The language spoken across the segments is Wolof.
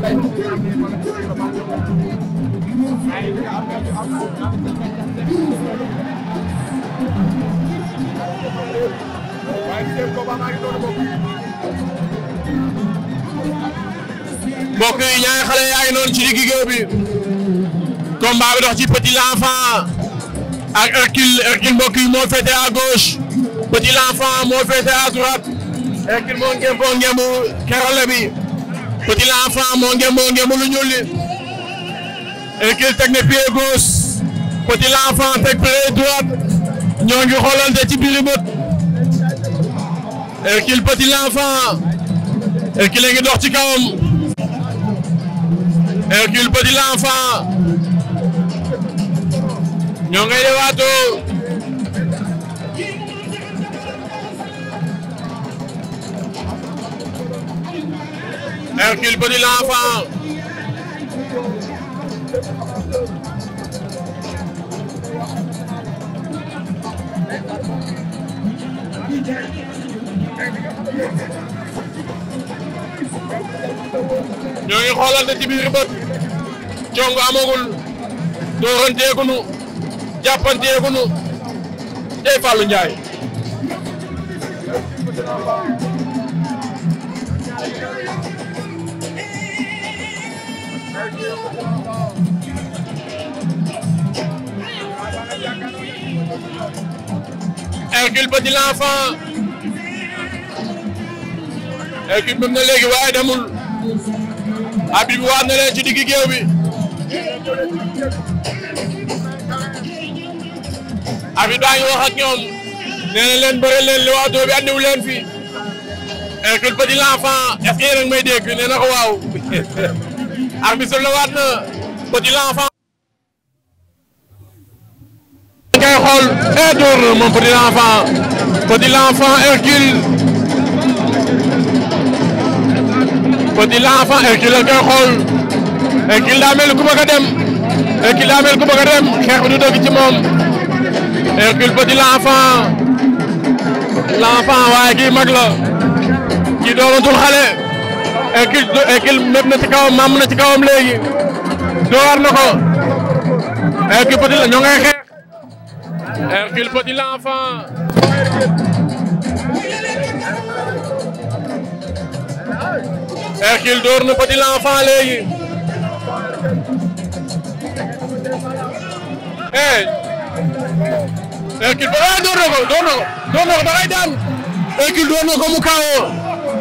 mbokk yi ñaari xale yaa ngi noonu ci digg géew bi combat bi dox ci Petit l'Enfant ak Hercule Hercule mbokk yi moo féete à gauche Petit l'Enfant moo féete à droite Hercule moo ngemb ngemb kerale bi Petit l'enfant moo ngi moo ngi lu ñuul li Hercule teg na pied gauche Petit l'enfant teg pied droite ñoo ngi xoolante ci biir bët Hercule Petit l'enfant Hercule ngi dox ci kawam Hercule Petit l'enfant ñoo ngay leewaatoo Hercule Petit l'enfant ñoo ngi xoolante ci biir bët cong amagul dooranteegunu jàppanteegunu tey Fallou Ndiaye Hercule Petit l'Enfant Hercule bëgg na léegi waaye demul Habib waat na leen ci diggi géew bi Habib daa ngi wax ak ñoom nee na leen bëri leen li waatoo bi andiwu leen fi Hercule Petit l'Enfant est-ce que yéen a ngi may dégg nee na ko waaw arbitre bi la waat na petit l'enfant ngay xool e door na moom petit l'enfant petit l'enfant Hercule petit l'enfant Hercule la xeex du dëgg moom Hercule petit l'enfant l'enfant waaye kii mag la kii doonatul xale ekil ekil mépp kawam maam door na ko ekil petit la ñoo ngay ekil door na petit l'enfant ekil door na ko door na ko door na ekil door na ko mu kaawoo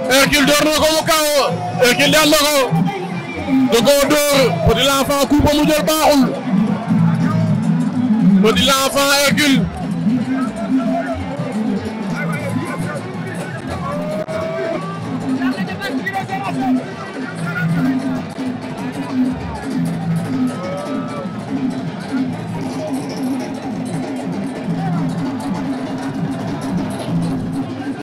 Hercule door na ko mu kawo Hercule daan na ko da koo door Petit l'enfant coup ba mu jël baaxul Petit l'enfant Hercule